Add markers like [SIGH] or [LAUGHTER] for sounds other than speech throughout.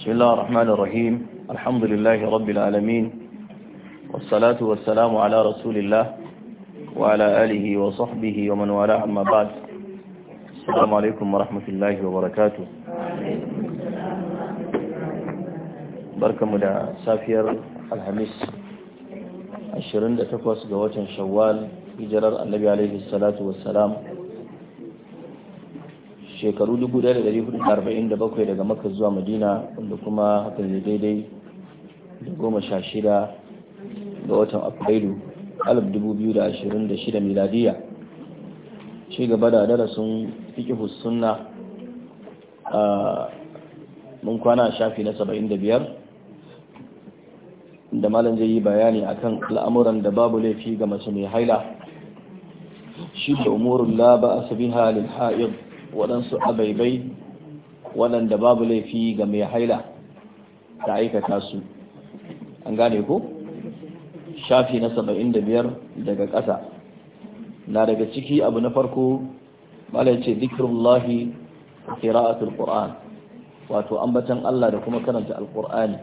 بسم الله الرحمن الرحيم الحمد لله رب العالمين والصلاة والسلام على رسول الله وعلى آله وصحبه ومن والاه أما بعد السلام عليكم ورحمة الله وبركاته بركم دا سافير الحميس عشرين دا تقوص جواتا شوال hijirar annabi alaihi salatu wassalam shekaru 1447 daga maka zuwa madina wanda kuma hakan ne daidai da goma sha shida ga watan afrilu 2026 miladiya ci gaba da darasin fikihu sunna a mun kwana shafi na 75 da malam zai yi bayani akan al'amuran da babu laifi ga mace mai haila shi da umurun la ba a sabi halin ha'id waɗansu abaibai waɗanda babu laifi ga mai haila ta aikata su an gane ko shafi na saba'in da biyar daga ƙasa na daga ciki abu na farko malai ce zikirullahi qira'atul qur'an wato ambatan Allah da kuma karanta alkur'ani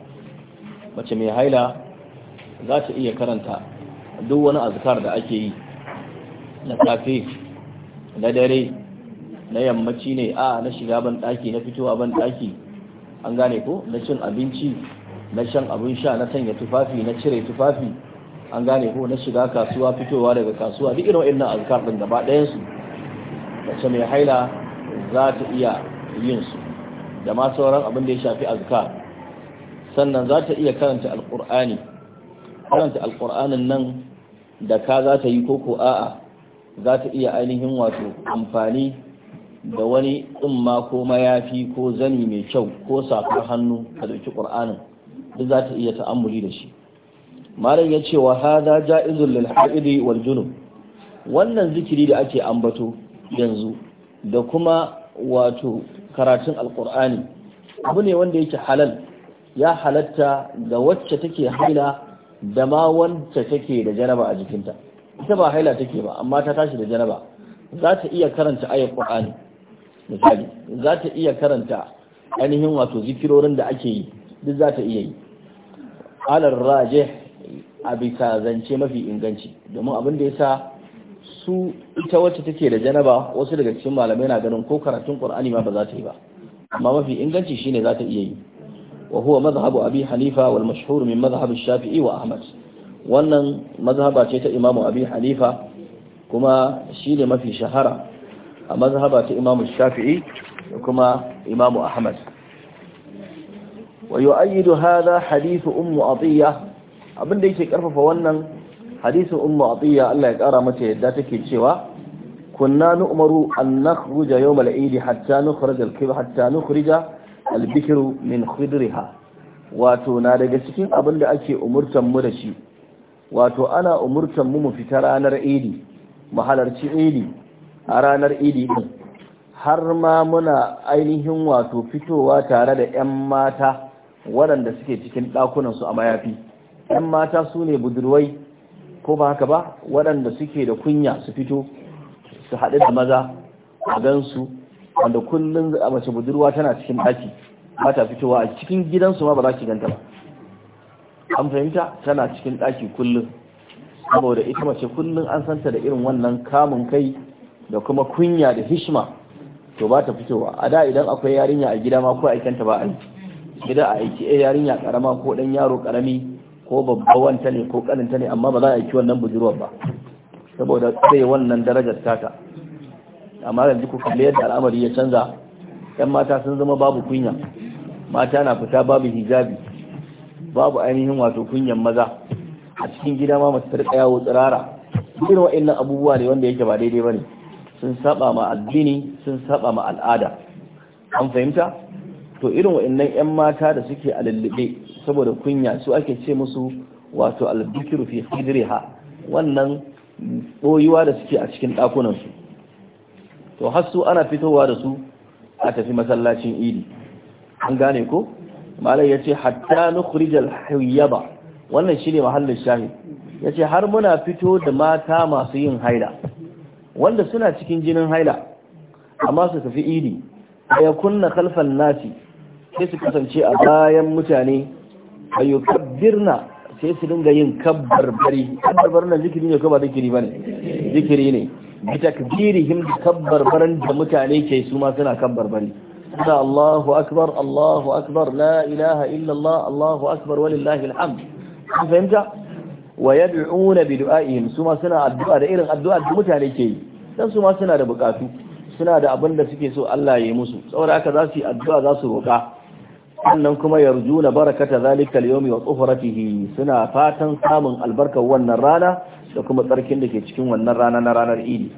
mace mai haila za ta iya karanta duk wani azkar da ake yi na safe na dare na yammaci ne a na shiga ban daki na fitowa ban daki an gane ko na cin abinci na shan abin sha na sanya tufafi na cire tufafi an gane ko na shiga kasuwa fitowa daga kasuwa duk irin wannan azkar din gaba ɗayan su mace mai haila za ta iya yin su da ma sauran abin da ya shafi azkar sannan za ta iya karanta alqur'ani karanta alqur'anin nan da ka za ta yi koko a'a za ta iya ainihin wato amfani da wani tsumma ko mayafi ko zani mai kyau ko safar hannu ka dauki qur'anin duk za ta iya ta'ammuli da shi malam ya ce wa hadha ja'izul lil haidi wal junub wannan zikiri da ake ambato yanzu da kuma wato karatun alqur'ani abu ne wanda yake halal ya halatta ga wacce take haila da ma wacce take da janaba a jikinta ita ba haila take ba amma ta tashi da janaba za ta iya karanta ayat qur'ani misali za ta iya karanta ainihin wato zikirorin da ake yi duk za ta iya yi alar raje a bisa zance mafi inganci domin abin da ya sa su ita wacce take da janaba wasu daga cikin malamai na ganin ko karatun qur'ani ma ba za ta yi ba amma mafi inganci shine za ta iya yi wa huwa madhhabu abi hanifa wal mashhur min madhhab shafii wa ahmad wannan mazhaba ce ta imamu abi hanifa kuma shine mafi shahara a mazhaba ta imamu shafi'i da kuma imamu ahmad wa yu'ayyidu hadha hadithu ummu atiya abinda yake karfafa wannan hadisin ummu atiya Allah ya kara mata yadda take cewa kunna nu'maru an nakhruja yawm al-eid hatta nukhrij al-kibr hatta nukhrija al-bikru min khidriha wato na daga cikin abinda ake umurtan mu da shi wato ana umurtan mu mu fita ranar idi mu halarci idi a ranar idi har ma muna ainihin wato fitowa tare da 'yan mata waɗanda suke cikin ɗakunansu a mayafi 'yan mata su ne budurwai ko ba haka ba waɗanda suke da kunya su fito su haɗu da maza a gansu wanda kullum a mace budurwa tana cikin ɗaki ba ta fitowa a cikin gidansu ma ba za ki ganta ba an fahimta tana cikin ɗaki kullum saboda ita mace kullum an santa da irin wannan kamun kai da kuma kunya da hishma to ba ta fitowa a da idan akwai yarinya a gida ma ko aikanta ba a yi gida a aiki a eh, yarinya karama ko dan yaro karami ko babbawan ta ne ko kaninta ne amma ba za a aiki wannan budurwar ba saboda tsaye wannan darajar tata amma yanzu ku kalli yadda al'amari ya canza yan mata sun zama babu kunya mata na fita babu hijabi babu ainihin wato kunyan maza a cikin gida ma masu tarƙa yawo tsirara irin wa'annan abubuwa ne wanda yake ba daidai ba ne sun saba ma addini sun saba ma al'ada an fahimta to irin wa'annan 'yan mata da suke a lullube saboda kunya su ake ce musu wato albukiru fi hijriha wannan boyuwa da suke a cikin ɗakunansu to har su ana fitowa da su a tafi masallacin idi an gane ko malai yace hatta nukhrijal hayyaba wannan shine mahallin shahid yace har muna fito da mata masu yin haida? wanda suna cikin jinin haila amma su tafi idi ya kunna kalfan nasi sai su kasance a bayan mutane a yi kabbirna sai su dinga yin kabbarbari kabbarbari na zikiri ne ko ba zikiri ba ne zikiri ne bi takbirihim da kabbarbaran da mutane ke su ma suna kabbarbari suna Allahu akbar Allahu akbar la ilaha illallah Allahu akbar walillahi alhamd kun fahimta wa yad'una bi du'a'ihim suma suna addu'a da irin addu'a da mutane ke yi dan suma suna da bukatu suna da abin da suke so Allah ya yi musu saboda haka za su yi addu'a za su roka sannan kuma yarjuna barakata zalika al-yawmi wa tuhratihi suna fatan samun albarkar wannan rana da kuma tsarkin da ke cikin wannan rana na ranar Idi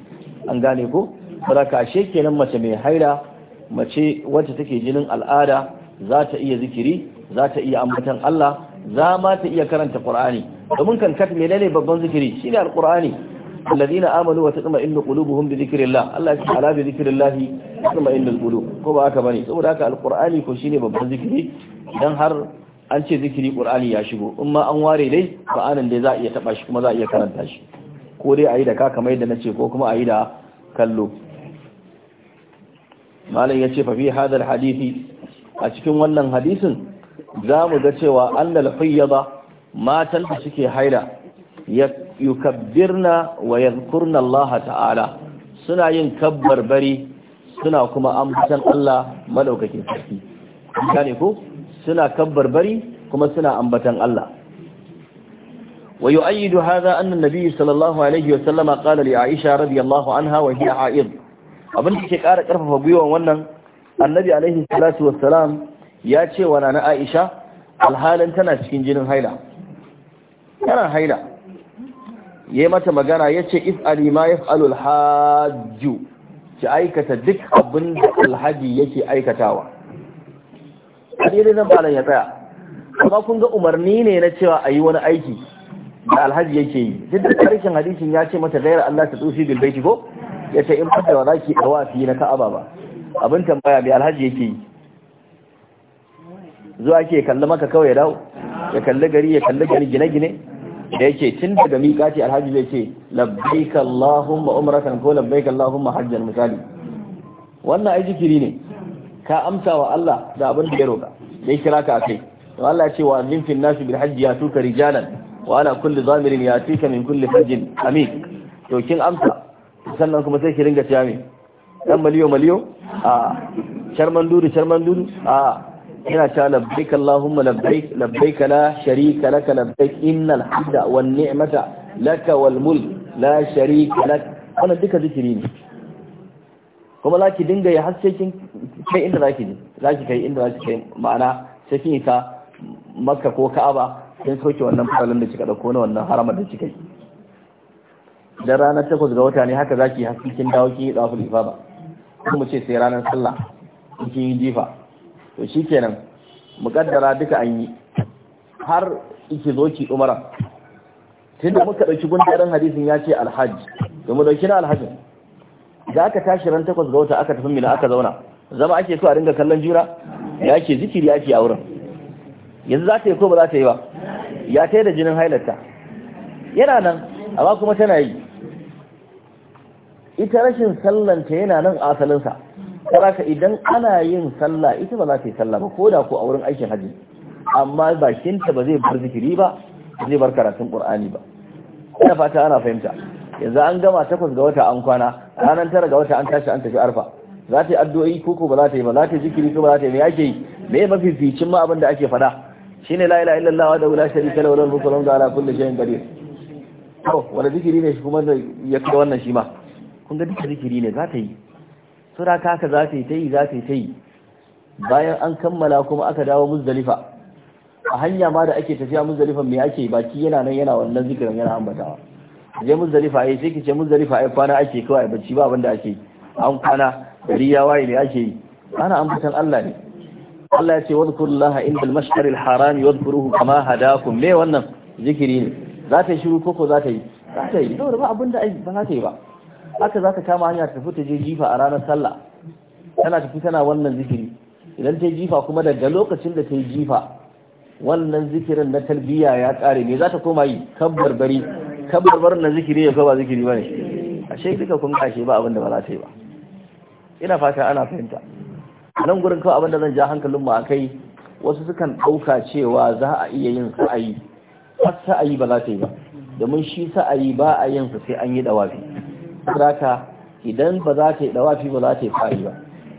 an gane ko saboda ashe kenan mace mai haila mace wacce take jinin al'ada za ta iya zikiri za ta iya ambaton Allah za ma ta iya karanta qur'ani domin kan kat ne babban zikiri shine alqur'ani alladhina amanu wa tatma'innu qulubuhum bi dhikrillah Allah ya ala bi dhikrillah tatma'innul qulub ko ba haka bane saboda haka alqur'ani ko shine babban zikiri dan har an ce zikiri qur'ani ya shigo in ma an ware dai qur'anin dai za a iya taba shi kuma za a iya karanta shi ko dai ayi da ka kamar yadda nace ko kuma ayi da kallo malam yace fa fi hadha hadisi a cikin wannan hadisin za mu ga cewa annal hayyada matan da suke haila yukabbirna wa yadhkurna Allah ta'ala suna yin kabbarbari suna kuma ambatan Allah madaukakin sarki gane ko suna kabbarbari kuma suna ambatan Allah ويؤيد هذا أن النبي صلى الله عليه وسلم قال لعائشة رضي الله عنها وهي عائض abin da ke ƙara ƙarfafa gwiwa wannan annabi alaihi salatu wassalam ya ce wa nana Aisha alhalin tana cikin jinin haila tana haila yayi mata magana yace if'ali ma yaf'alu alhajju ki aikata duk abin da alhaji yake aikatawa hadiri zan balan ya tsaya amma kun ga umarni ne na cewa a yi wani aiki da alhaji yake yi duk da karshen hadisin ya ce mata gairar Allah ta tsufi bil baiti ko ya ce in fata wa zaki dawafi na ka'aba ba abin tambaya bai alhaji yake yi zuwa ke kalli maka kawai ya dawo ya kalli gari ya kalli gari gine-gine da yake tun daga miƙati alhaji zai ce labbaik Allahumma umratan ko labbaik Allahumma hajjan misali wannan ai zikiri ne ka amsa wa Allah da abin da ya roƙa da kira ka akai to Allah ya ce wa min fil nasi bil hajji yatuka rijalan wa ala kulli zamirin ya yatika min kulli fajjin amik to kin amsa sannan kuma sai ki ringa cewa me dan maliyo maliyo a sharman dudu sharman dudu a yana ta labbaik Allahumma labbaik labbaik la sharika laka labbaik innal hamda wan ni'mata laka wal mulk la sharika lak wannan duka zikiri ne kuma zaki dinga ya hasse kin kai inda zaki je zaki kai inda zaki kai ma'ana sai kin isa Makka ko Ka'aba kin soke wannan falalin da kika dauko na wannan haramar da kika yi dan ranar takwas ga wata ne haka zaki haske kin dawo ki dawo ifada kuma ce sai ranar sallah kin yi jifa to shikenan mukaddara duka an yi har iki zo ki umara tunda muka dauki gundarin hadisin ya ce alhaji da mu dauki na alhajj da aka tashi ran takwas ga wata aka tafi mina aka zauna zama ake so a dinga kallon juna ya ce zikiri ya a wurin yanzu za ta yi ko ba za ta yi ba ya ta da jinin hailarta yana nan amma kuma tana yi ita rashin sallanta yana nan asalinsa saboda idan ana yin sallah ita ba za ta yi sallah ba ko da ko a wurin aikin haji amma bakinta ba zai bar zikiri ba zai bar karatun qur'ani ba ina fata ana fahimta yanzu an gama takwas ga wata an kwana ranar tara ga wata an tashi an tafi arfa za ta yi addu'o'i ko ko ba za ta yi ba za ta yi zikiri ko ba za ta yi me yake yi me mafificin ma abin da ake faɗa shine la ilaha illallah wa la sharika lahu lahul mulku wa lahul ala kulli shay'in qadir to wala zikiri ne shi kuma ya kai wannan shi ma kun ga duka zikiri ne za ta yi sura ka za ta yi ta yi za ta yi ta yi bayan an kammala kuma aka dawo muzdalifa a hanya ma da ake tafiya muzdalifa me ake baki yana nan yana wannan zikirin yana ambatawa je muzdalifa ai eh, sai ki ce muzdalifa ai eh, kwana ake kawai bacci ba abinda ake an kwana gari ya waye ne ake yi ana ambatan Allah ne Allah ya ce laha indal mash'aril haram wadkuruhu kama hadakum me wannan zikiri ne za ta yi shiru koko za ta yi za ta yi dole ba abinda ai ba za ta yi ba haka za ka kama hanya tafi ta je jifa a ranar sallah tana tafi tana wannan zikiri idan ta jifa kuma daga lokacin da ta yi jifa wannan zikirin na talbiya ya kare me za ta koma yi kabbar bari kabbar bari na zikiri ya ba zikiri bane ashe duka kun kashe ba abin da ba za ta yi ba ina fata ana fahimta nan gurin kawai abin da zan ja hankalin mu akai wasu sukan ɗauka cewa za a iya yin sa'ayi har sa'ayi ba za ta yi ba domin shi sa'ayi ba a yin sa sai an yi dawafi saraka idan ba za ta yi dawafi ba za ta yi fa'i ba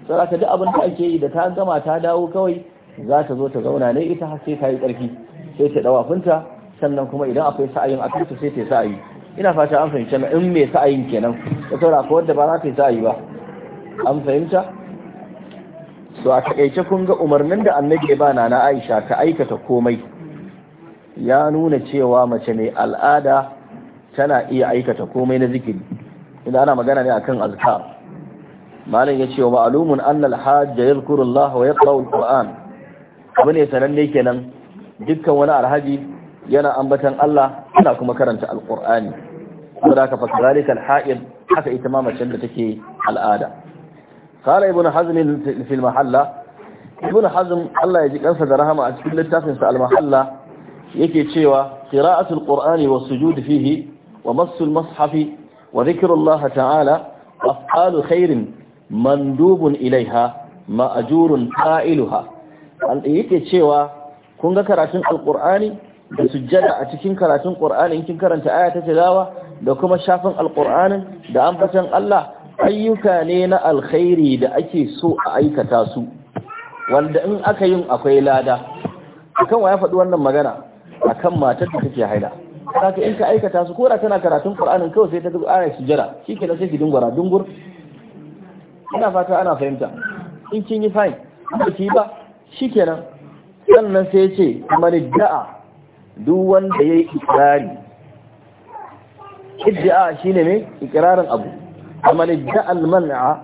saraka duk abin da ake yi da ta gama ta dawo kawai za ta zo ta zauna ne ita har sai ta yi ƙarfi sai ta dawafinta sannan kuma idan akwai sa'ayin a tuta sai ta yi sa'ayi ina fata an fahimta na in mai sa'ayin kenan ta saura ko wadda ba za ta yi sa'ayi ba an fahimta so a takaice kun ga umarnin da annabi ya bana na Aisha ta aikata komai ya nuna cewa mace mai al'ada tana iya aikata komai na zikiri inda ana magana ne akan azkar malam ya ce wa ma'alumun annal hajj yadhkuru Allah wa yaqra'u al-Qur'an abu sananne kenan dukkan wani alhaji yana ambatan Allah yana kuma karanta al-Qur'ani saboda ka fasalika al-ha'id haka ita ma da take al'ada qala ibn hazm fi al-mahalla ibn hazm Allah ya ji kansa da rahama a cikin littafin sa al-mahalla yake cewa qira'atul qur'ani wa sujud fihi wa massul mashafi wa zikrullahi ta'ala af'alu khairin mandubun ilaiha ma'ajurun fa'iluha yake cewa kun ga karatun alqur'ani da sujjada a cikin karatun qur'ani in kin karanta aya ta tilawa da kuma shafin alqur'anin da ambatan Allah ayyuka ne na alkhairi da ake so a aikata su wanda in aka yin akwai lada akan ya faɗi wannan magana akan matar da take haila saka in ka aikata su ko da kana karatun qur'anin kawai sai ta ga aya sujjada shikenan sai ki dungura dungur ina fata ana fahimta in kin yi fine amma ki ba shikenan sannan sai ya ce man da'a duk wanda yayi ikrari idda'a shine ne ikrarin abu man da'a al-man'a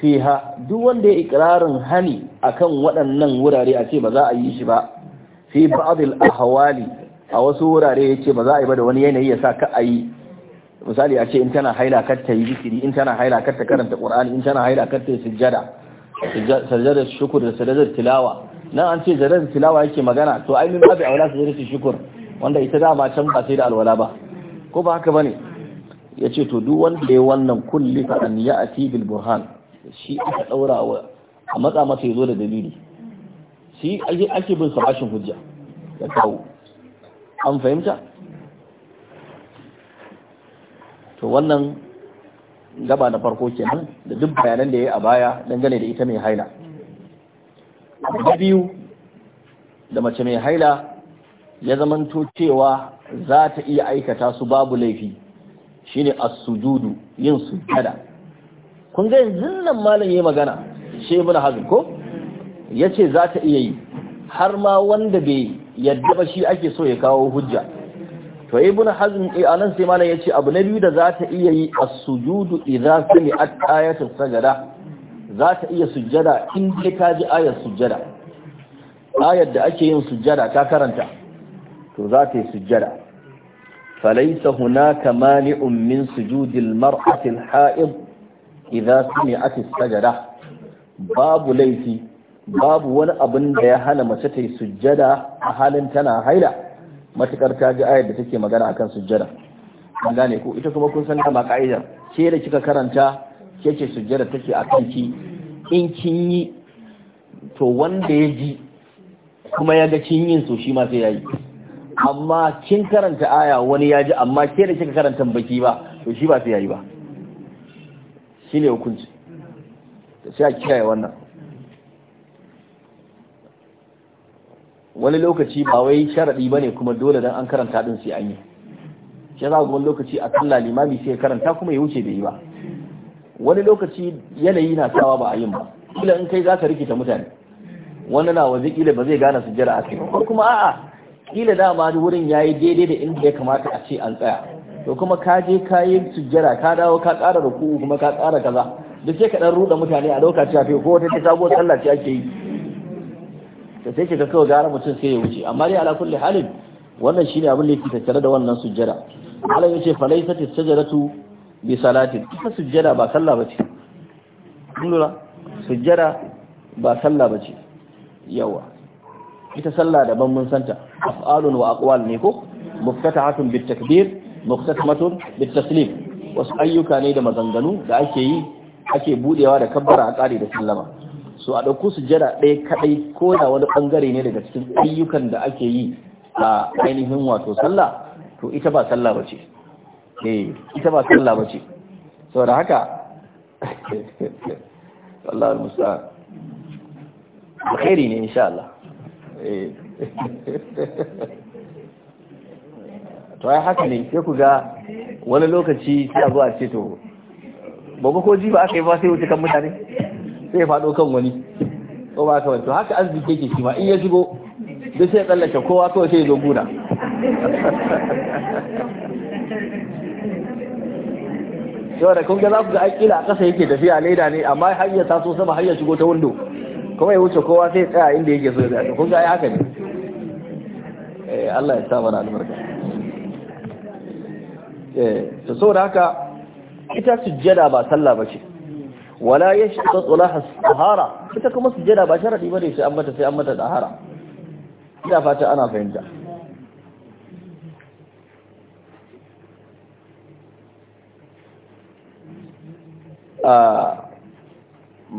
fiha duk wanda ya ikrarin hani akan waɗannan wurare a ce ba za a yi shi ba fi ba'd al-ahwali a wasu wurare ya ce ba za a yi ba da wani yanayi ya sa ka a yi misali a ce in tana haila kar yi zikiri in tana haila kar ta karanta ƙur'ani, in tana haila kar yi sujjada shukur da sujjadar tilawa nan an ce sujjadar tilawa yake magana to ai min babu aula sujjadar shukur wanda ita dama can ba sai da alwala ba ko ba haka ba bane ce to duk wanda ya wannan kulli fa an a bil burhan shi aka daura a matsa masa ya zo da dalili shi ake bin sabashin hujja ya kawo an fahimta to wannan gaba na farko kenan da duk bayanan da ya yi a baya dangane da ita mai haila da biyu da mace mai haila ya zamanto cewa za ta iya aikata su babu laifi shine a sujudu yin sujada kun ga yanzu nan malam yi magana shi ibn ko yace za ta iya yi har ma wanda bai yadda ba shi ake so ya kawo hujja to ibn hazm eh anan sai malam yace abu na biyu da za ta iya yi as-sujudu idza sami'at ayatu sajada za ta iya sujjada in dai ta ji ayar sujjada ayar da ake yin sujjada ta karanta to za ta yi sujjada فليس هناك مانع من سجود المرأة الحائض إذا سمعت السجدة babu ليسي babu wani abin da ya hana mace ta yi sujjada a halin tana haila matukar ta ji ayar da take magana akan sujjada an gane ko ita kuma kun san dama ka'idar ke da kika karanta ke ce sujjada take a kanki in kin yi to wanda ya ji kuma ya ga kin yin so shi ma sai ya yi amma kin karanta aya wani ya ji amma ke da kika karanta baki ba to shi ba sai ya yi ba shine hukunci sai a kiyaye wannan wani lokaci ba wai sharaɗi ba ne kuma dole don an karanta ɗin sai an yi shi za wani lokaci a kalla limami sai karanta kuma ya wuce bai yi ba wani lokaci yanayi na sawa ba a yin ba kila in kai za ka rikita mutane wani na waje kila ba zai gane sujjara a kai ko kuma a'a kila dama wurin ya yi daidai da inda ya kamata a ce an tsaya to kuma ka je ka yi sujjara ka dawo ka ƙara ruku kuma ka ƙara kaza duk sai ka dan ruda mutane a lokaci a ko wata ta sabuwar sallah ce ake yi Ka sai kaga kawai gara mutum sai ya wuce amma dai ala kulli halin wannan shine abin da yake tattare da wannan sujjada Allah yace fa laysat as-sajadatu bi salatin ita sujjada ba sallah bace kullura sujjada ba sallah bace yawa ita sallah daban mun santa af'alun wa aqwal ne ko muftatahatun bit takbir muftatamatun bit taslim wasu ayyuka ne da maganganu da ake yi ake budewa da kabbara a kare da sallama so a ɗauko sujjada ɗaya kaɗai ko da wani ɓangare ne daga cikin ayyukan da ake yi a ainihin wato sallah to ita ba sallah ba ce eh ita ba sallah ba ce da haka [LAUGHS] Allah musa alkhairi ne insha Allah eh [LAUGHS] to ai haka ne sai ku ga wani lokaci sai a zuwa ce to ba ko ji ba aka yi ba sai wuce kan mutane sai faɗo kan wani ko ba ka to haka arziki yake shi ma in ya shigo duk sai tsallake kowa kawai sai ya zo guda yau da kunga za ku ga akila a ƙasa yake tafiya leda ne amma har ya taso sama har ya shigo ta wando kuma ya wuce kowa sai tsaya inda yake so ya kun ga ai haka ne eh, Allah ya sa mana albarka eh to saboda haka ita sujjada ba sallah ba ce. wala yashtaqu laha tahara ita kuma sujada ba da bane sai an mata sai an mata tahara ina fata ana fahimta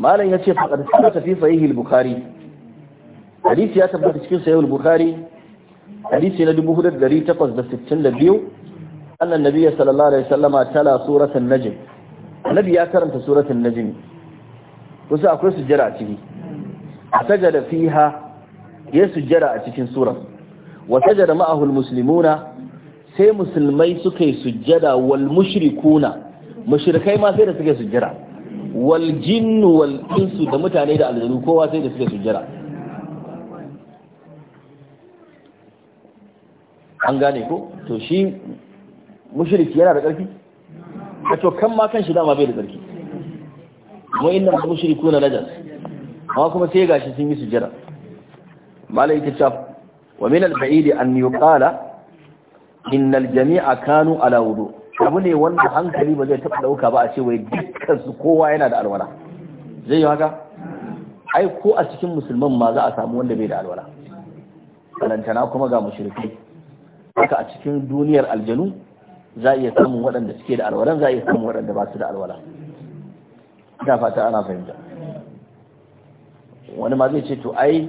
malam ya ce faɗa suna tafi sahihul bukhari hadisi ya tabbata cikin sahihul bukhari hadisi na 4862 annan nabiyyi sallallahu alaihi wasallama tala suratul najin. annabi ya karanta suratul najm wasu akwai sujjara a ciki a sajada fiha ya sujjara a cikin sura. wa sajada ma'ahu almuslimuna sai musulmai suka yi sujjada wal mushrikuna mushrikai ma sai da suke yi sujjara wal jinnu wal insu da mutane da aljanu kowa sai da suke yi sujjara an gane ko to shi mushriki yana da ƙarfi a to kan ma kan shi dama bai da tsarki wa inna mushrikuna najas amma kuma sai gashi sun yi sujjada malai ta ce wa min al-ba'id an yuqala inna al-jami'a kanu ala wudu abu ne wanda hankali ba zai taba dauka ba a ce wai dukkan su kowa yana da alwala zai yi haka ai ko a cikin musulman ma za a samu wanda bai da alwala balantana kuma ga mushrikai haka a cikin duniyar aljanu za iya samun waɗanda suke da alwalan za iya samun waɗanda ba su da alwala ina fata ana fahimta wani ma zai ce to ai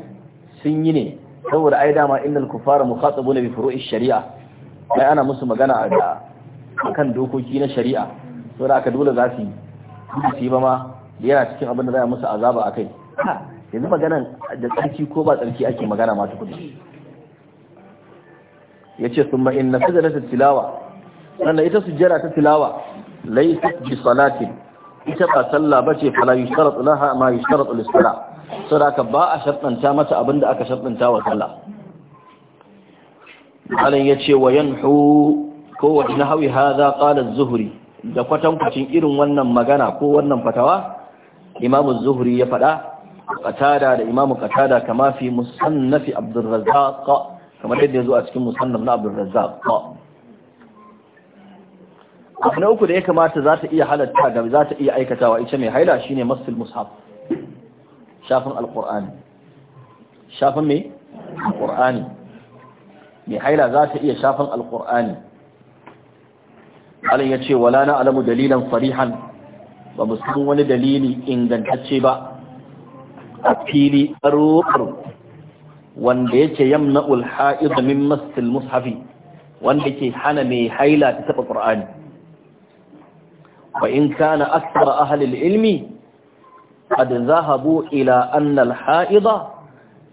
sun yi ne saboda ai dama innal kufara mukhatabuna bi furu'i shari'a ai ana musu magana a da akan dokoki na shari'a da aka dole za su yi su yi ba ma yana cikin abin da za a musu azaba akai yanzu magana da tsarki ko ba tsarki ake magana ma tukuna yace na inna sajdatat tilawa sannan ita su jira ta tilawa laysat bi salatin ita ba sallah bace fala yushtaratu laha ma yushtaratu lis-salah saboda ba a shartanta mata abinda aka shartanta wa sallah malam yace wa yanhu ko wa nahwi hadha qala az-zuhri da kwatankwacin irin wannan magana ko wannan fatawa imamu zuhri ya faɗa qatada da imamu qatada kama fi musannaf abdurrazzaq kamar yadda yazo a cikin musannaf na abdurrazzaq abu na uku da ya kamata za ta iya halatta ga za ta iya aikatawa ita mai haila shi ne masul mushaf shafin alqur'ani shafin mai alqur'ani mai haila za ta iya shafin alqur'ani Allah ya ce wala na alamu dalilan farihan ba mu san wani dalili ingantacce ba a fili ƙaro wanda ya ce yamna da min masul mushafi wanda ke hana mai haila ta taba qur'ani fa in kana akthara ahli al-ilmi qad zahabu ila anna al-ha'ida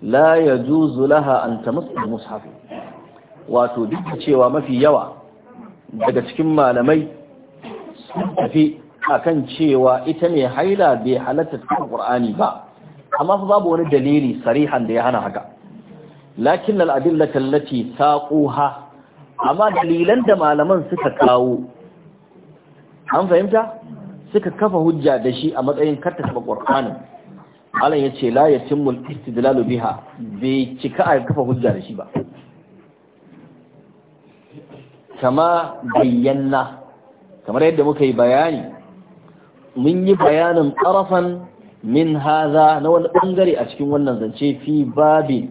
la yajuzu laha an tamassa al-mushaf wato duk cewa mafi yawa daga cikin malamai sun tafi kan cewa ita ne haila bai halatta cikin Qur'ani ba amma fa babu wani dalili sarihan da ya hana haka lakin al-adillatu allati saquha amma dalilan da malaman suka kawo an fahimta suka kafa hujja da shi a matsayin karta taba qur'anin Allah ya ce la yatimul istidlalu biha bai cika a kafa hujja da shi ba kama bayyana kamar yadda muka yi bayani mun yi bayanin ƙarafan min haza na wani ɓangare a cikin wannan zance fi babin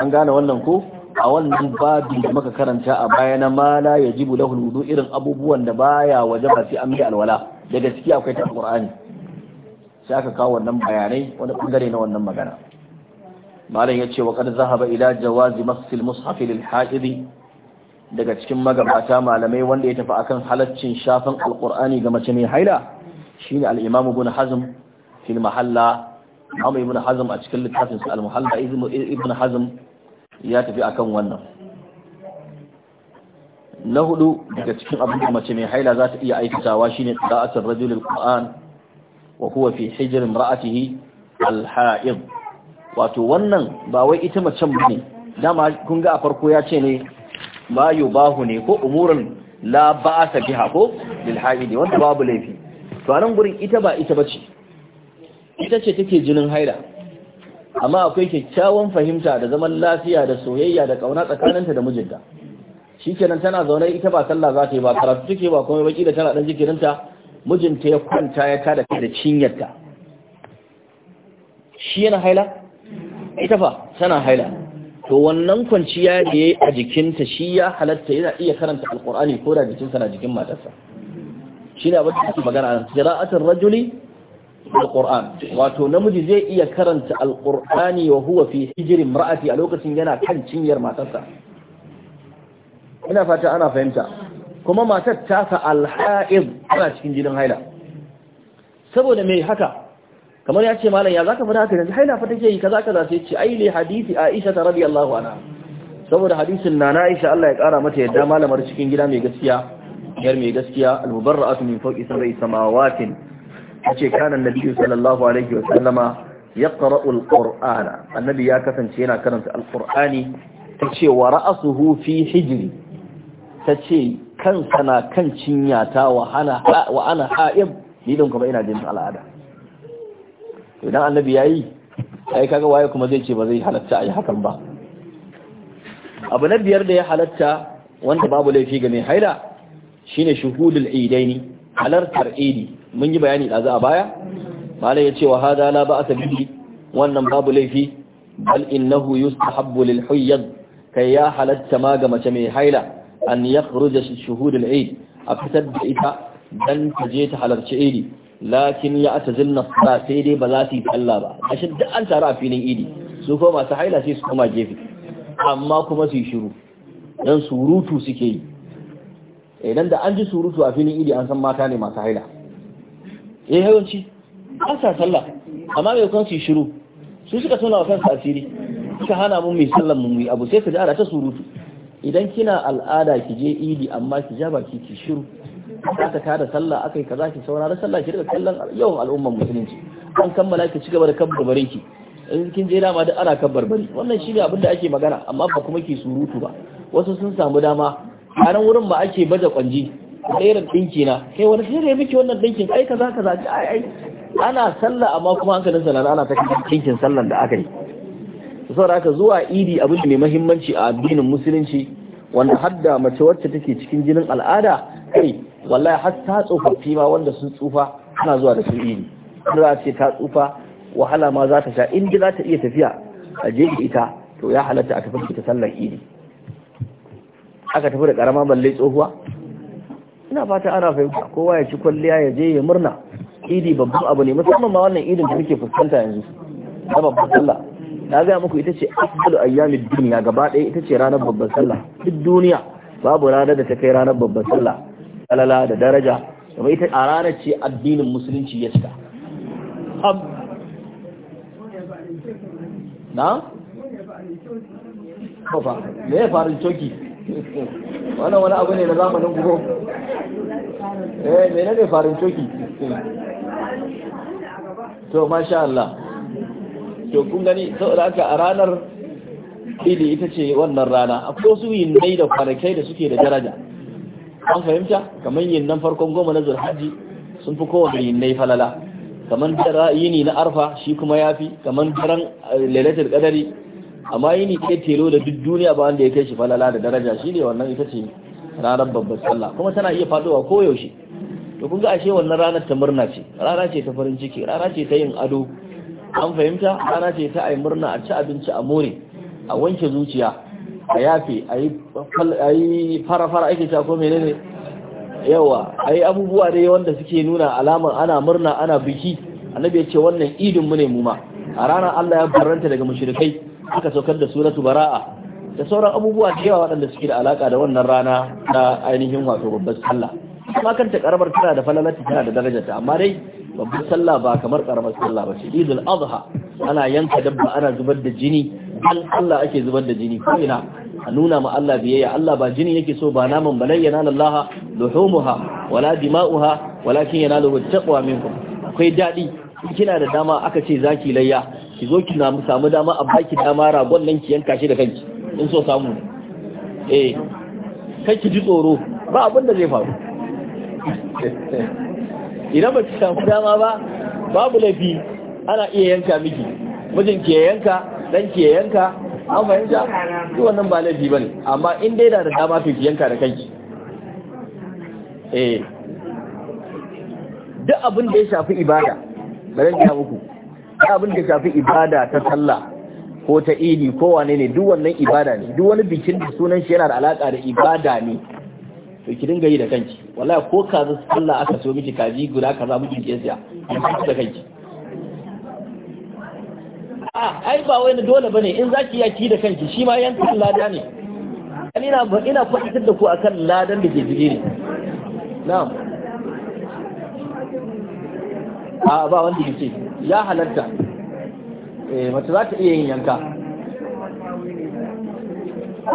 an gane wannan ko a wannan babin da muka karanta a baya na mala ya jibu da wudu irin abubuwan da baya waje ba sai an bi alwala da gaske akwai ta alqur'ani sai aka kawo wannan bayanai wani bangare na wannan magana malam ce wa qad zahaba ila jawazi masil mushaf lil ha'id daga cikin magabata malamai wanda ya tafi akan halaccin shafin alqur'ani ga mace mai haila shine al-imam ibn hazm fil mahalla Ibn Hazm a cikin littafinsa Al-Muhalla Ibn Hazm ya tafi akan wannan na hudu daga cikin abin da mace mai haila za ta iya aikatawa shine qira'atul rajul alquran wa huwa fi hijr imra'atihi alha'id wato wannan ba wai ita macen bane dama kun ga a farko ya ce ne ma yubahu ne ko umuran la ba'asa biha ko lil haid wanda babu laifi to anan gurin ita ba ita bace ita ce take jinin haila amma akwai kyakkyawan fahimta da zaman lafiya da soyayya da kauna tsakaninta da mijinta Shi kenan tana zaune ita ba sallah za ta yi ba karatu take ba kuma baki da tana dan jikirinta mijinta ya kwanta ya tada kai da cinyarta shi yana haila ita fa tana haila to wannan kwanciya da yayi a jikinta shi ya halatta yana iya karanta alqur'ani ko da jikinsa na jikin matarsa Shi ne abin da ake magana qira'atul rajuli alquran wato namiji zai iya karanta alqurani wa huwa fi hijrin mar'ati a lokacin yana kan cinyar matarsa ina fata ana fahimta kuma matar ta ka alha'id ana cikin jinin haila saboda me haka kamar ya ce malam ya zaka fada haka yanzu haila fa take yi kaza kaza sai ce ai li hadisi Aisha ta radiyallahu anha saboda hadisin nana Aisha Allah ya kara mata yadda malamar cikin gida mai gaskiya yar mai gaskiya al-mubarra'atu min fawqi sab'i samawatin yace kana nabi sallallahu alaihi wa sallama yaqra'u annabi ya kasance yana karanta al-qur'ani tace wa ra'suhu fi hijri tace kansa na kan cinyata wa ana wa ana ha'ib ni don kuma ina jin al'ada to idan annabi yayi ai kaga waye kuma zai ce ba zai halatta ai hakan ba abu na biyar da ya halatta wanda babu laifi ga mai haila shine shuhudul idaini halartar idi mun yi bayani ɗazu a baya Malam ya ce wa na ba a bihi wannan babu laifi bal innahu yustahabbu lil hayyad kai ya halatta ma ga mace mai haila an yakhruja shuhud al eid a fitar da ita dan ta je ta halarci idi lakin ya atazilna sa sai dai ba za su yi Allah ba ashin duk an tare a filin idi su ko masu haila sai su koma gefe amma kuma su yi shiru dan surutu suke yi idan eh, da an ji surutu a filin idi an san mata ne masu haila eh yawanci an sa sallah amma mai kwan su shiru su suka tona wa tasiri. asiri suka hana mun mai sallan mun yi abu sai ka ji ta surutu idan kina al'ada ki je idi amma ki ja baki ki shiru aka tada sallah aka yi kaza ki saurara sallah ki rika kallon yawan al'umman musulunci an kammala ki ci gaba da kabbarbare ki in kin je dama duk ana kabbarbare wannan shine abin da ake magana amma ba kuma ki surutu ba wasu sun samu dama a nan wurin ba ake baje kwanji alherin dinki na kai wani shirye miki wannan dinkin za, ka zaci ai ai ana sallah amma kuma kanin sallah ana ta dinkin sallar da aka yi saboda haka zuwa idi abin da mai muhimmanci a addinin musulunci wanda hadda mace wacce take cikin jinin al'ada kai wallahi har ta tsofaffi ma wanda sun tsufa ana zuwa da su idi za ce ta tsufa wahala ma za ta sha in ji za ta iya tafiya a je ita to ya halatta a tafi da sallar idi aka tafi da karama balle tsohuwa ina fata ana fahimta kowa ya ci kwalliya ya je ya murna idi babban abu ne musamman ma wannan idin da muke fuskanta yanzu na babban sallah na gaya muku ita ce afdalu ayyamin duniya gaba ɗaya ita ce ranar babban sallah duk duniya babu ranar da ta kai ranar babban sallah alala da daraja kuma ita a ranar ce addinin musulunci ya cika na? Kofa, me ya faru coki? [LAUGHS] Wannan wani abu ne na zamanin gugu. eh ne farin coki to masha Allah to kun gani saboda haka a ranar idi ita ce wannan rana akwai wasu yinnai da kwanakai da suke da daraja an fahimta kamar nan farkon goma na zulhaji sun fi kowane yinnai falala kamar yini na arfa shi kuma ya fi kamar daren eh, lalatar kadari amma yini ke telo da duk duniya ba wanda ya kai shi falala da daraja shi ne wannan ita ce ranar babbar sallah kuma tana iya faduwa koyaushe to kun ga ashe wannan ranar ta murna ce rana ce ta farin ciki rana ce ta yin ado an fahimta rana ce ta ayi murna a ci abinci a more a wanke zuciya a yafe a yi fara-fara ake ta ko menene yawa a yi abubuwa dai wanda suke nuna alamar ana murna ana biki annabi ya ce wannan idin ne muma a ranar Allah ya baranta daga mushrikai aka saukar da suratu bara'a da sauran abubuwa da yawa waɗanda suke da alaka da wannan rana na ainihin wato babbar sallah ma kanta karamar tana da falalata tana da darajarta amma dai babbar sallah ba kamar karamar sallah ba ce idul adha ana yanka dabba ana zubar da jini an Allah ake zubar da jini ko ina a nuna ma Allah biyayya Allah ba jini yake so ba naman balai yana lallaha luhumuha wala dima'uha walakin yanaluhu taqwa minkum akwai dadi kina da dama aka ce zaki layya ki zo ki samu dama a baki dama ragon nan ki yanka shi da kanki in so samu eh kai ki ji tsoro ba abin da zai faru idan ba ki samu dama ba babu laifi ana iya yanka miki mijin ke yanka dan ke yanka an fahimta shi wannan ba laifi ne, amma in dai da dama fi yanka da kanki eh. duk abin da ya shafi ibada bari ya muku duk abin da ya shafi ibada ta sallah ko ta idi ko wane ne duk wannan ibada ne duk wani bikin da sunan shi yana da alaƙa da ibada ne to ki dinga yi da kanki wallahi ko kaza sallah aka so miki kaji guda za miki ke siya da kanki a ah, ai ba wai dole bane in zaki yaki da kanki shi ma yan lada ne ina ina faɗaɗar da ku akan ladan da ke jige ne na'am a ah, ba wanda yake ya halatta eh mace za ta iya yin yanka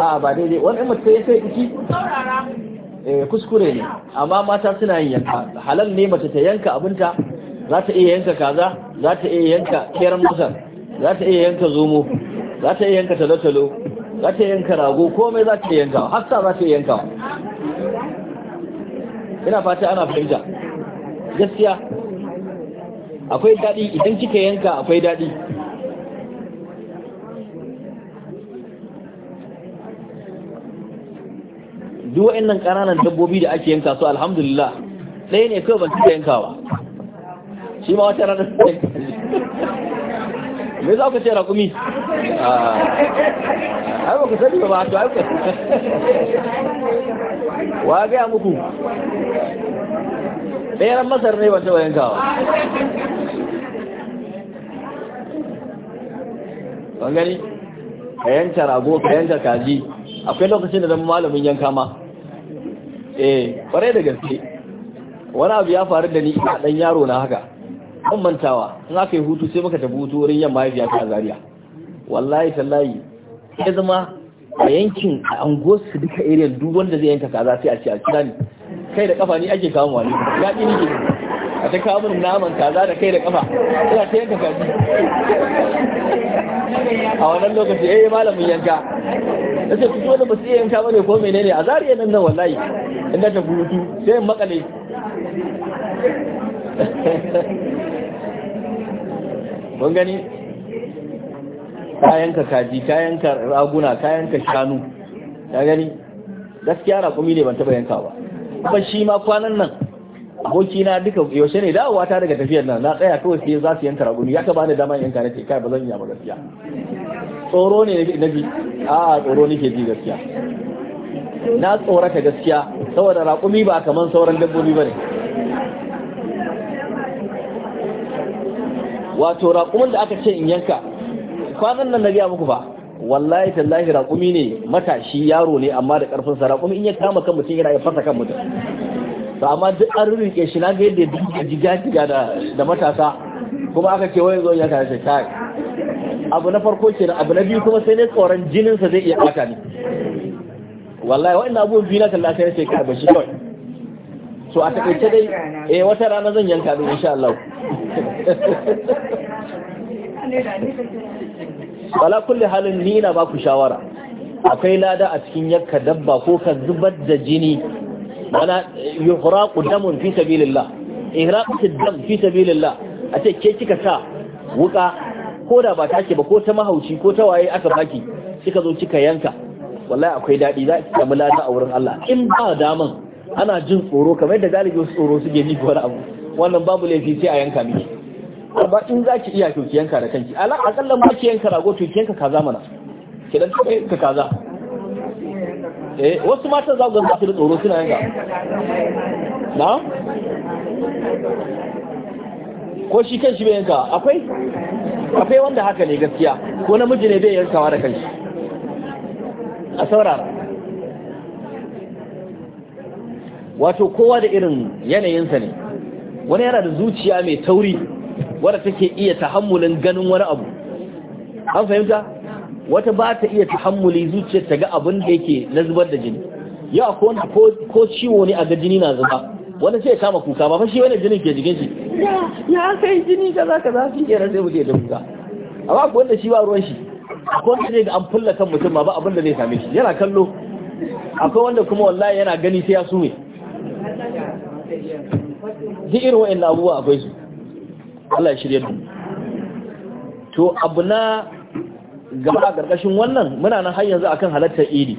a ah, ba daidai wani mace sai iki Eh, kuskure ne amma mata suna yin yanka halal ne mace ta yanka abinta za ta iya yanka kaza za ta iya yanka keran musar, za ta iya yanka zomo za ta iya yanka talotalo za ta iya yanka rago komai za ta iya yanka hasa za ta iya yanka ina fata ana fahimta gaskiya akwai daɗi idan kika yanka akwai daɗi duk wa'annan ƙananan dabbobi da ake yanka su alhamdulillah ɗaya ne kawai ban cika yankawa shi ma wata ranar da yanka me za ku ce raƙumi a ah, ba ku sani ba to ai ku wa gaya muku ran masar ne ban taɓa yankawa ban gani ka yanka rago ka yanka kaji akwai lokacin da zama malamin yanka ma eh kware da gaske wani abu ya faru da ni a dan yaro na haka an mantawa in aka yi hutu sai muka tafi hutu wurin yamma mahaifiya ta Zariya. wallahi tallahi ya zama a yankin a anguwar su duka area duk wanda zai yanka kaza sai a ce a kira ni kai da kafa ni ake kawo wani ya ki ni a ta kawo min naman kaza da kai da kafa ina ta yanka kaji a wannan lokaci eh malamin yanka da sai kusa wani basu iya yanka bane ko menene a zariya nan nan wallahi inda ta furutu, sai in makale mun [LAUGHS] gani kayan ka kaji kayan ka raguna kayan ka shanu ya gani gaskiya raƙumi ne ban taɓa yanka ba kuma shi ma kwanan nan abokina duka yaushe ne dawowa ta daga tafiyar nan na tsaya kawai sai za su yanka raƙumi ya ka bani dama yanka na ke, kai ba zan yi ba gaskiya tsoro ne na bi a tsoro nake ji gaskiya na tsorata gaskiya saboda raƙumi ba kaman sauran dabbobi ba ne wato raƙumin da aka ce in yanka kwanan nan na biya muku ba wallahi tallahi raƙumi ne matashi yaro ne amma da ƙarfin sa raƙumi in ya kama kan mutum yana ya fasa kan mutum to amma duk an rurrike shi na ga yadda ya jiga jiga da matasa kuma aka ce wai zo ya tashi kai abu na farko da abu na biyu kuma sai ne tsoron jinin sa zai iya ɓata ni wallahi wa'in abubuwan biyu na kalla sai ce ka bashi kawai so a takaice dai eh wata rana zan yanka don insha Allah wala kulli halin ni na baku shawara akwai lada a cikin yakka dabba ko ka zubar da jini wala yuhraqu damun fi sabilillah ihraqu dam fi sabilillah a ce ke kika sa wuka ko da ba take ba ko ta mahauci ko ta waye aka baki kika zo kika yanka wallahi akwai daɗi za ki samu lada a wurin Allah in ba daman ana jin tsoro kamar da galibi wasu tsoro suke ji ko wani abu wannan babu laifi sai a yanka miki amma in za ki iya ki yanka da kanki ala akalla ma ki yanka rago to ki yanka kaza mana ki dan ka kaza eh wasu mata za ku ga su da tsoro suna yanka na ko shi kan shi bai yanka akwai akwai wanda haka ne gaskiya ko namiji ne bai yankawa da kanshi a saurara wato kowa da irin yanayinsa ne wani yana da zuciya mai tauri wadda take iya tahammulin ganin wani abu an fahimta wata ba ta iya tahammuli zuciyar ta ga abin da yake na zubar da jini ya ko ko ciwo ne a ga jini na zuba wani sai kama kuka ba shi wani jinin ke jikin shi ya kai jini ka za ka za su kera sai mutu da kuka amma ko wanda shi ba ruwan shi Ko wanda zai ga an fulla kan mutum ma ba abin da zai same shi yana kallo akwai wanda kuma wallahi yana gani sai ya sume duk irin wa'in abubuwa akwai su Allah ya shirya da to abu na gaba a ƙarƙashin wannan muna nan har yanzu akan halartar idi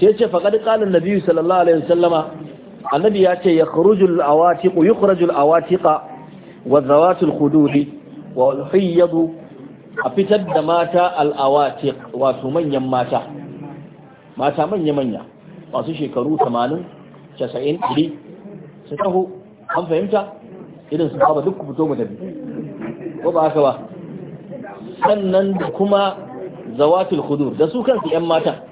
sai ce faɗaɗi ƙalin nabi sallallahu alaihi wasallama annabi ya ce ya khurujul awatiqu yukhrajul awatiqa wa zawatul khududi wa al a fitar da mata al awatiq wato manyan mata mata manya manya masu shekaru 80 90 100 su taho an fahimta irin su saba duk fito mu tafi ko ba haka ba sannan da kuma zawatul khudur da su kansu yan mata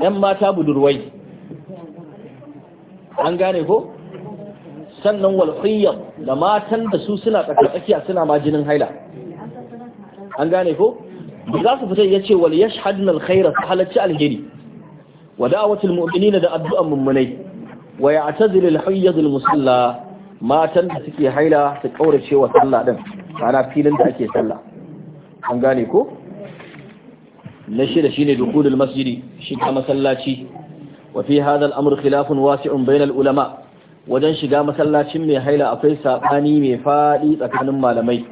yan mata budurwai an gane ko sannan walhiyar da matan da su suna tsakatsakiya suna ma jinin haila an gane ko za su fita ya ce wal yashhadun alkhaira su halarci alheri wa da'awatul mu'minina da addu'an mummunai wa ya'tazil alhayyadul musalla matan da suke haila su kaurace wa sallah din ana filin da ake sallah an gane ko na shida shine dukulul masjidi ka masallaci وفي هذا الأمر خلاف واسع بين العلماء wajen shiga masallacin mai haila akwai sabani mai fadi tsakanin malamai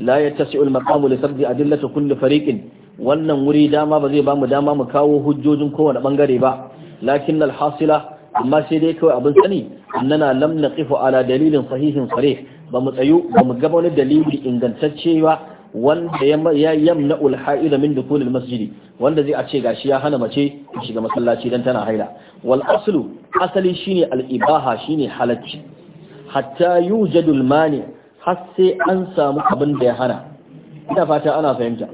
la yattasi'ul maqamu li sabbi adillati kulli fariqin wannan wuri dama ba zai bamu dama mu kawo hujjojin kowane bangare ba lakin al hasila amma sai dai kawai abin sani annana lam naqifu ala dalilin sahihin sarih ba mu tsayu ba mu ga wani dalili ingantacce ba wanda ya yamna ulha'ila min dukulil masjidi wanda zai a ce gashi ya hana mace shiga masallaci dan tana haila wal aslu asali shine al ibaha shine halacci hatta yujadu al mani har sai an samu abin da ya hana ina fata ana fahimta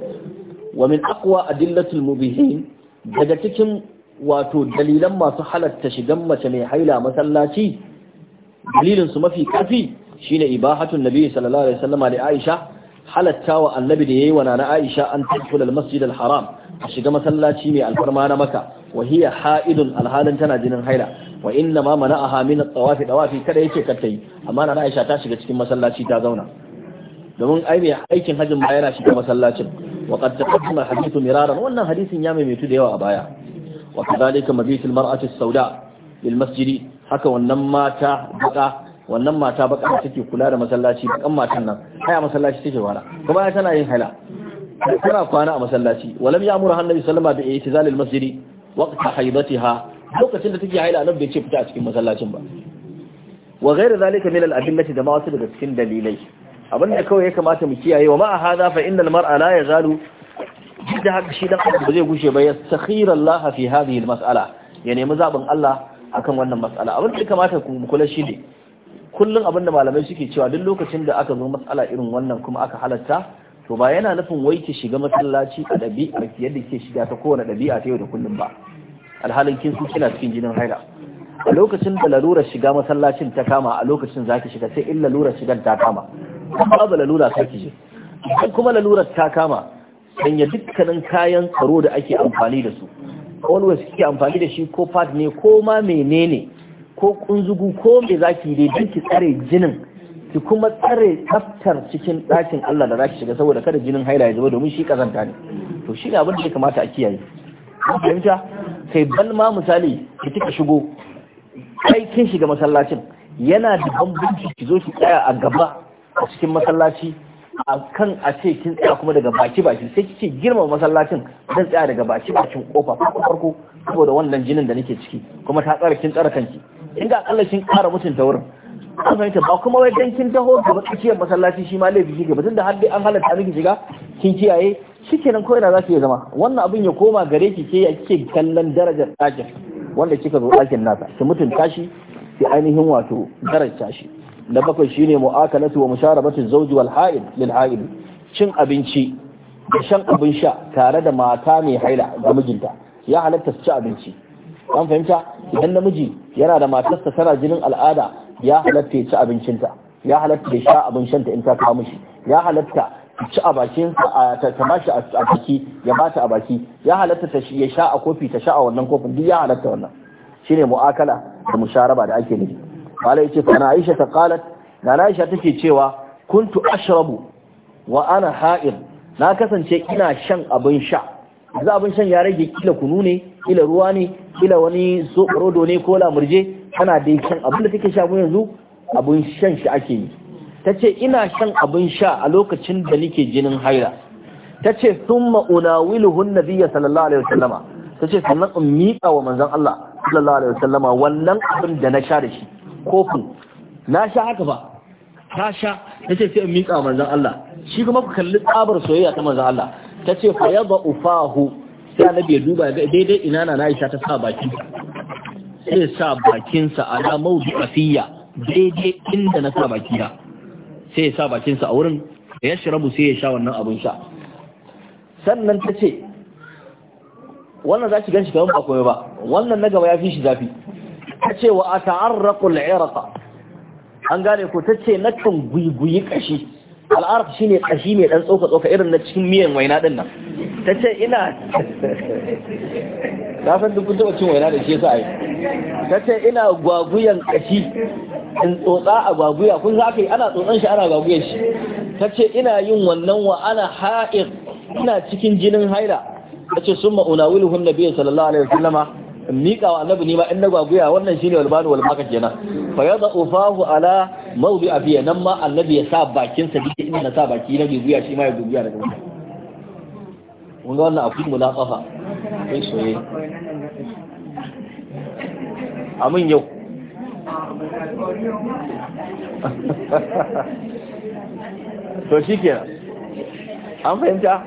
wa min aqwa adillatul mubihin daga cikin wato dalilan masu halatta shigan mace mai haila masallaci dalilin su mafi karfi shine ibahatun nabi sallallahu alaihi da Aisha halatta wa annabi da yayi wa na Aisha an tadkhul al-masjid al-haram a shiga masallaci mai alfarma na maka wa hiya ha'idun alhalin tana jinin haila wa inna ma mana'aha min hamina tawafi dawafi kada yake katta yi amma na Aisha ta shiga cikin masallaci ta zauna domin ai mai aikin hajjin ba yana shiga masallacin wa qad taqaddama hadithu miraran wannan hadisin ya maimaitu da yawa a baya wa kadhalika mabitul mar'ati as-sauda lil masjidi haka wannan mata baka wannan mata baka take kula da masallaci kan matan nan haya masallaci take wala kuma ya tana yin haila. tana kwana a masallaci walam ya amuru hannabi sallama bi itizal al masjid waqta haidatiha lokacin da take haila annabi bai ce fita a cikin masallacin ba wa ghayr zalika min al adillati da ma wasu daga cikin dalilai abinda kawai ya kamata mu kiyaye wa ma'a hadha fa innal mar'a la yazalu da haka shi dan ba zai gushe ba yastakhira Allah fi hadhihi al mas'ala ya nemi zaben Allah akan wannan mas'ala abin da kamata ku kula shi ne kullum abin da malamai suke cewa duk lokacin da aka zo matsala irin wannan kuma aka halatta to ba yana nufin wai ki shiga masallaci a ɗabi'ar fiye da ke shiga ta kowane ɗabi'a ta yau da kullum ba alhalin kin su kina cikin jinin haila a lokacin da lalurar shiga masallacin ta kama a lokacin za ki shiga sai in lalura shigan ta kama kuma babu lalura sai ki je sai kuma lalurar ta kama sanya dukkanin kayan tsaro da ake amfani da su always kike amfani da shi ko pad ne ko ma menene ko kunzugu ko me zaki dai don ki tsare jinin ki kuma tsare tsaftar cikin ɗakin Allah da ki shiga saboda kada jinin haila ya zuba domin shi kazanta ne to shi ne abin da ya kamata a kiyaye fahimta kai ban ma misali ki tuka shigo kai kin shiga masallacin yana da bambanci ki zo ki tsaya a gaba a cikin masallaci a kan a ce kin tsaya kuma daga baki baki sai ki ce girma masallacin zan tsaya daga baki bakin kofa farko saboda wannan jinin da nake ciki kuma ta tsara kin tsara kanki in ga akalla shi ƙara mutunta wurin an fahimta ba kuma wai dan kin taho gaba tsakiyar masallaci shi ma laifi batun da har dai an halatta miki shiga kin kiyaye Shi kenan ko ina za ki iya zama wannan abin ya koma gare ki ke ya kike kallon darajar ɗakin wanda kika zo ɗakin nasa ki mutum tashi ki ainihin wato daraja shi na bakwai shine mu'akalatu wa musharabatu zawji wal ha'il lil ha'il cin abinci da shan abin sha tare da mata mai haila ga mijinta ya halatta su ci abinci an fahimta idan namiji yana da matarsa tana jinin al'ada ya halatta ya ci abincinta ya halatta ya sha abin shanta in ta kawo mishi ya halatta ya ci a bakin ta ta mashi a baki ya bata a baki ya halatta ta ya sha a kofi ta sha a wannan kofin duk ya halatta wannan shine mu'akala da musharaba da ake nufi qala yace fa na aisha ta qalat na aisha take cewa kuntu ashrabu wa ana ha'ir na kasance ina shan abin sha yanzu abin shan ya rage kila kunu ne kila ruwa ne kila wani rodo ne ko lamurje kana da shan abin da kake sha mu yanzu abin shan shi ake yi ta ce ina shan abin sha a lokacin da nike jinin haila ta ce sun ma'una ma'unawiluhun nabiya sallallahu alaihi wasallama ta ce sannan in miƙa wa manzan Allah sallallahu alaihi wasallama wannan abin da na sha da shi kofin na sha haka ba ta sha ta ce sai in miƙa wa manzan Allah shi kuma ku kalli tsabar soyayya ta manzan Allah ta ce fa ya ba ufahu sai annabi ya duba ga daidai ina na Aisha ta sa bakin sai sa bakinsa ala mawdu afiya daidai inda na sa bakina sai ya sa bakinsa a wurin ya shirabu sai ya sha wannan abun sha sannan ta ce wannan za ki gan shi kamar ba komai ba wannan na gaba ya fi shi zafi ta ce wa a ta'arraƙul iraka an gane ko ta ce na kan guiguyi kashi al'arab shi ne ƙashi mai ɗan tsoka-tsoka irin na cikin miyan waina ɗin nan ta ce ina [LAUGHS] na san duk taɓa cin waina da shi yasa ai ta ce ina gwaguyan ƙashi in tsotsa a gwaguya kun za ka yi ana tsotsan shi ana gwaguyan shi ta ce ina yin wannan wa ana ha'ir ina cikin jinin haila ta ce sun ma'una wulhun nabiya sallallahu alaihi wasallama in miƙa wa annabi nima in na gwaguya wannan shine walbanu wal maka kenan fa yada ufahu ala mawdi afiya nan ma annabi ya sa bakin sa dike inda na sa baki na guguya shi ma ya guguya daga wannan Mun ga wannan akwai mulaqafa sai soye amin yau [LAUGHS] to shikenan an fahimta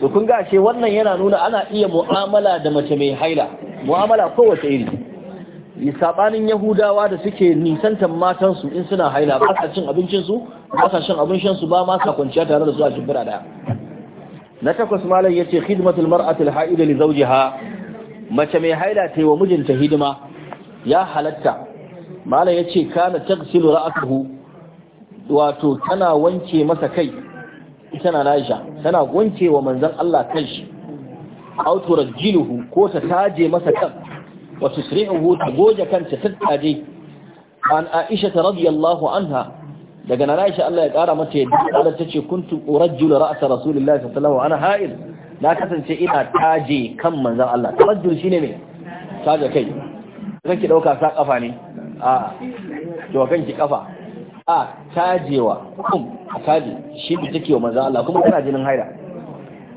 to kun ga ashe wannan yana nuna ana iya mu'amala da mace mai haila mu'amala kowace iri yi sabanin yahudawa da suke nisantar matansu in suna haila ba sa cin abincinsu ba sa cin abincinsu ba ma sa kwanciya tare da su a daya na takwas malam ya ce khidmatul mar'atul ha'ida li zawjiha mace mai haila ta wa mijinta hidima ya halatta malam ya ce kana taghsilu ra'atuhu wato tana wanke masa kai tana Aisha tana wanke wa manzon Allah kanshi aw turajjiluhu ko ta taje masa kan wa tusri'uhu ta goje kanta ta taje an Aisha ta radiyallahu anha daga nan Aisha Allah ya kara mata yadda ta ce kun urajjul ra's rasulillahi sallallahu alaihi wasallam ana ha'il na kasance ina taje kan manzan Allah tarajjul ne me taje kai kake dauka sa kafa ne a to kanki kafa a tajewa kum a taje shi ne take wa manzan Allah kuma tana jinin haira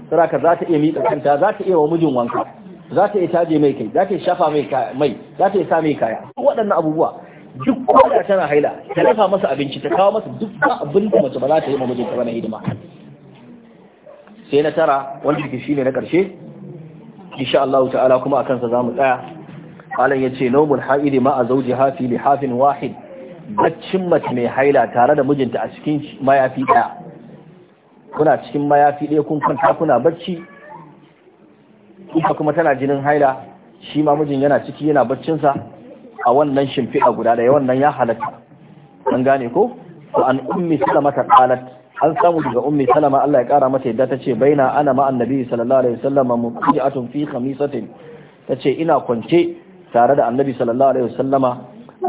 saraka za ta iya miƙa kanta za ta iya wa mijin wanka za ta iya taje mai kai za ta iya shafa mai mai za ta iya sa mai kaya waɗannan abubuwa duk kwada tana haila ta dafa masa abinci ta kawo masa duk ba abin da mace ba za ta yi ma mijinta ba na hidima sai na tara wanda ke shine na ƙarshe insha Allah ta'ala kuma akan sa zamu tsaya alan yace nawmul ha'idi ma zawjiha fi lihafin wahid baccin mace mai haila tare da mijinta a cikin mayafi ɗaya kuna cikin mayafi ɗaya kun kwanta kuna barci kuma kuma tana jinin haila shi ma mijin yana ciki yana baccinsa a wannan shimfiɗa guda ɗaya wannan ya halatta an gane ko to an ummi salama ta qalat an samu daga ummi salama Allah ya kara mata yadda tace baina ana ma annabi sallallahu alaihi wasallam muqiatun fi khamisatin tace ina kwance tare da annabi sallallahu alaihi wasallama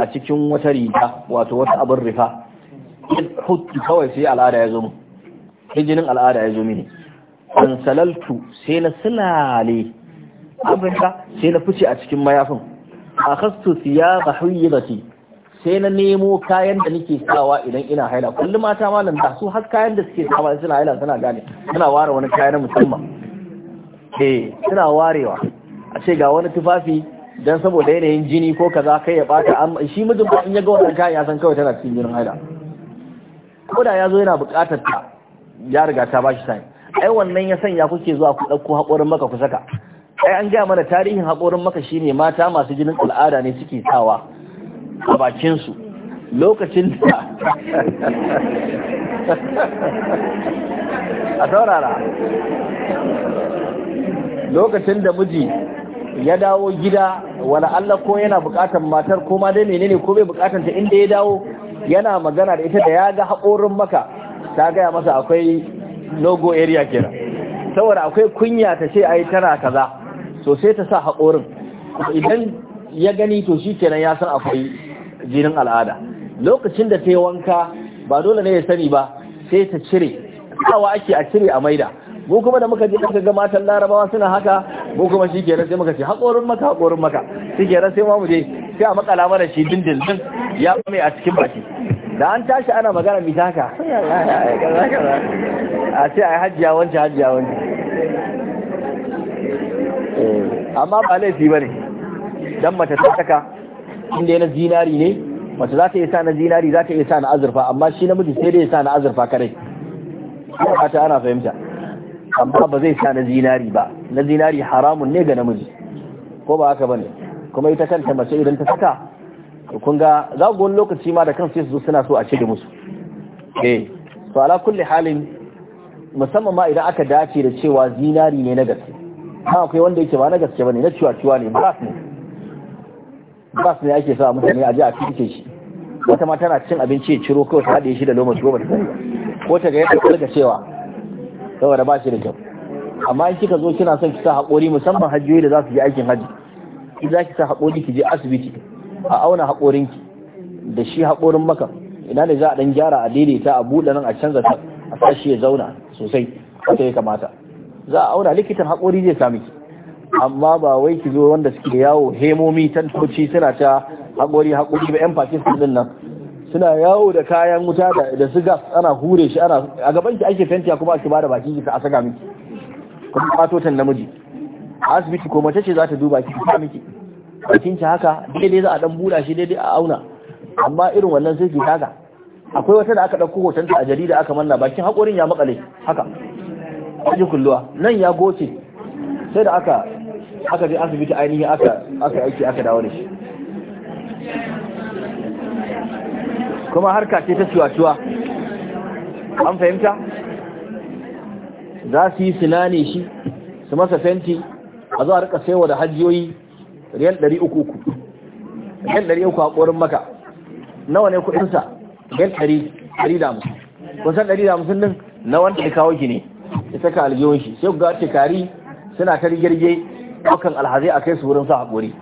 a cikin wata riga wato wata abin rifa hutu kawai sai al'ada ya zo sai jinin al'ada ya zo mini an salaltu sai na silale abinka sai na fice a cikin mayafin a kastu siya ba hayyarati sai na nemo kayan da nake sawa idan ina haila kulli mata malam da su har kayan da suke sawa suna haila suna gane suna ware wani kayan musamman eh suna warewa a ce ga wani tufafi dan saboda yanayin jini ko kaza kai ya bata amma shi mijin ba in ya ga wannan kayan ya san kawai tana cikin jinin haila ko da ya zo yana buƙatar ta ya riga ta bashi time ai wannan ya sanya kuke zuwa ku ɗauko haƙorin maka ku saka ai an gaya mana tarihin haƙorin maka shine mata masu jinin al'ada ne suke sawa a bakin su lokacin da [LAUGHS] a saurara lokacin da miji ya dawo gida wala Allah ko yana buƙatar matar ko ma dai menene ko bai buƙatar ta inda ya dawo yana magana da ita da ya ga haƙorin maka ta gaya masa akwai logo area kira saboda akwai kunya ta ce ai tana kaza so sai ta sa haƙorin idan ya gani to shi kenan ya san akwai jinin al'ada lokacin da ta yi wanka ba dole ne ya sani ba sai ta cire kawa ake a cire a maida mu kuma da muka je aka ga matan larabawa suna haka mu kuma shi kenan sai muka ce haƙorin maka haƙorin maka shi kenan sai ma mu je sai a makala mana shi dindindin ya mai a cikin baki da an tashi ana magana mai taka a ce a yi hajjiya wance hajjiya wance eh, amma ba laifi ba ne don mace ta saka inda yana zinari ne mace za ta iya sa na zinari za ta iya sa na azurfa amma shi na mutu sai dai ya sa na azurfa kadai ba ta ana fahimta amma ba zai sa na zinari ba na zinari haramun ne ga namiji ko ba haka ba ne. kuma ita kanta mace idan ta saka kun ga za ku wani lokaci ma da kansu sai su zo suna so a da musu eh to ala kulli halin musamman ma idan aka dace da cewa zinari ne na gaske ha akwai wanda yake ba na gaske bane na ciwa-ciwa ne bas ne Bas ne ake sa mutane a ji a fice shi wata ma tana cin abinci ya ciro kawai ta haɗe shi da loma goma ta ko ta ga yadda ga cewa saboda ba shi da kyau amma in kika zo kina son ki sa haƙori musamman hajjoyi da za su je aikin haji ki za ki sa haƙori ki je asibiti a auna haƙorinki da shi haƙorin maka ina ne za a dan gyara a daidaita a buɗe nan a canza ta a sashi ya zauna sosai haka ya kamata za a auna likitan haƙori zai sami ki amma ba wai ki zo wanda suke yawo hemomi tantoci suna ta haƙori haƙori ba yan pakistan din nan suna yawo da kayan wuta da su gas ana hure shi ana a gaban ki ake fenti kuma ake bada baki ki a saka miki kuma fatotan namiji asibiti ko mace ce za ta duba ki ta miki bakin ki haka daidai za a dan buɗa shi daidai a auna amma irin wannan sai ki haka akwai wata da aka ɗauko ta a jarida aka manna bakin haƙorin ya makale haka aji kulluwa nan ya goce sai da aka aka je asibiti ainihin aka aka aiki aka dawo da shi kuma harka ce ta ciwa-ciwa an fahimta za su yi sinani shi su masa fenti a zuwa rika saiwa da hajjiyoyi riyal ɗari uku uku riyal ɗari uku a ƙorin maka nawa ne kuɗinsa riyal ɗari ɗari da musu kun san ɗari da musu ɗin na wanda ya kawo ki ne ya saka aljihun shi sai ga tikari suna ta rigirge ɗaukan alhazai a kai su wurin sa haƙori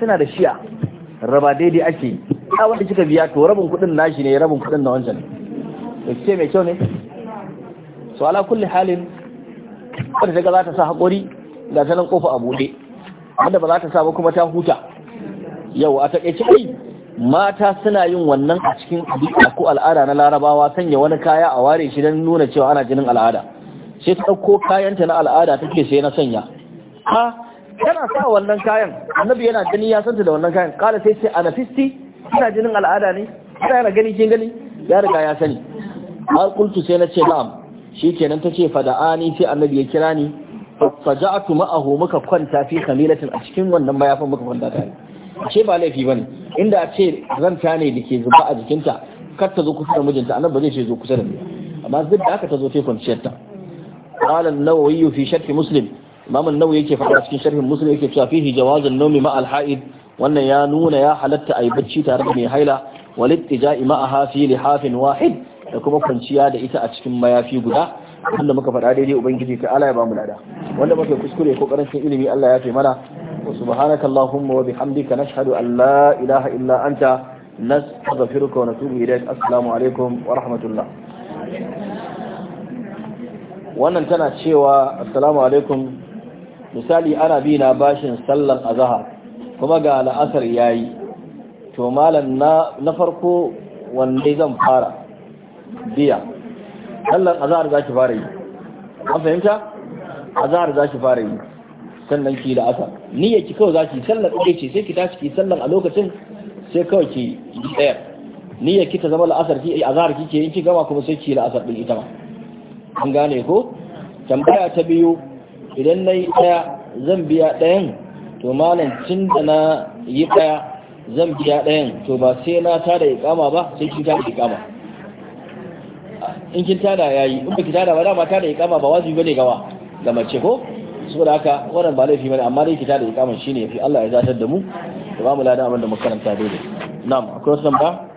suna da shiya raba daidai ake yi a wanda kika biya to rabin kuɗin nashi ne rabin kuɗin na wancan da ce mai kyau ne Su ala kulli halin wanda ta ga za ta sa haƙori ga ta nan kofa a buɗe wanda ba za ta samu kuma ta huta yau a takaice ai mata suna yin wannan a cikin ɗabi'a ko al'ada na larabawa sanya wani kaya a ware shi don nuna cewa ana jinin al'ada sai ta ɗauko kayanta na al'ada take sai na sanya ha tana sa wannan kayan annabi yana gani ya santa da wannan kayan kala sai sai anafisti ina jinin al'ada ne ina yana gani kin gani ya riga ya sani har kultu sai na ce na'am Shi kenan ta ce fada'ani sai annabi ya kira ni fattaja'tu ma'ahu muka kwanta fi khamilatin a cikin wannan bayafin muka kwanta tare ashe ba laifi bane inda a ce zanta ne dake zuba a jikinta kar ta zo kusa da mijinta anan ba zai ce zo kusa da ni amma duk da aka ta zo ta kwanciyar ta qala an-nawawi fi sharh muslim imam an-nawawi yake faɗa cikin sharhin muslim yake cewa fihi jawazun nomi ma'al ha'id wannan ya nuna ya halatta a yi bacci tare da mai haila walittija'i ma'aha fi lihafin wahid da kuma kwanciya da ita a cikin mayafi guda Allah muka faɗa daidai ubangiji ta Allah ya ba mu lada wanda muka kuskure ko karancin ilimi Allah ya fi mana wa subhanaka allahumma wa bihamdika nashhadu an la ilaha illa anta nastaghfiruka wa natubu ilaik assalamu alaikum wa rahmatullah wannan tana cewa assalamu alaikum misali ana bi na bashin sallar azhar kuma ga la'asar yayi to malam na na farko wande zan fara biya sallar azahar za ki fara yi an fahimta azahar za ki fara yi sannan ki da asa niyyar ki kawai za ki sallar ɗaya ce sai ki tashi ki sallar a lokacin sai kawai ki yi tsayar niyyar ki ta zama la'asar ki azahar ki ke yin ki gama kuma sai ki la'asar ɗin ita ma an gane ko tambaya ta biyu idan na yi ɗaya zan biya ɗayan to malam tun da na yi ɗaya zan biya ɗayan to ba sai na tada ikama ba sai ki tada kama in kin tada yayi in baki tada ba dama tada ikama ba wajibi bane gawa da mace ko saboda haka wannan ba laifi bane amma dai ki tada ikaman shine yafi Allah ya zatar da mu da ba mu lada abin da muka karanta na'am akwai wasu ba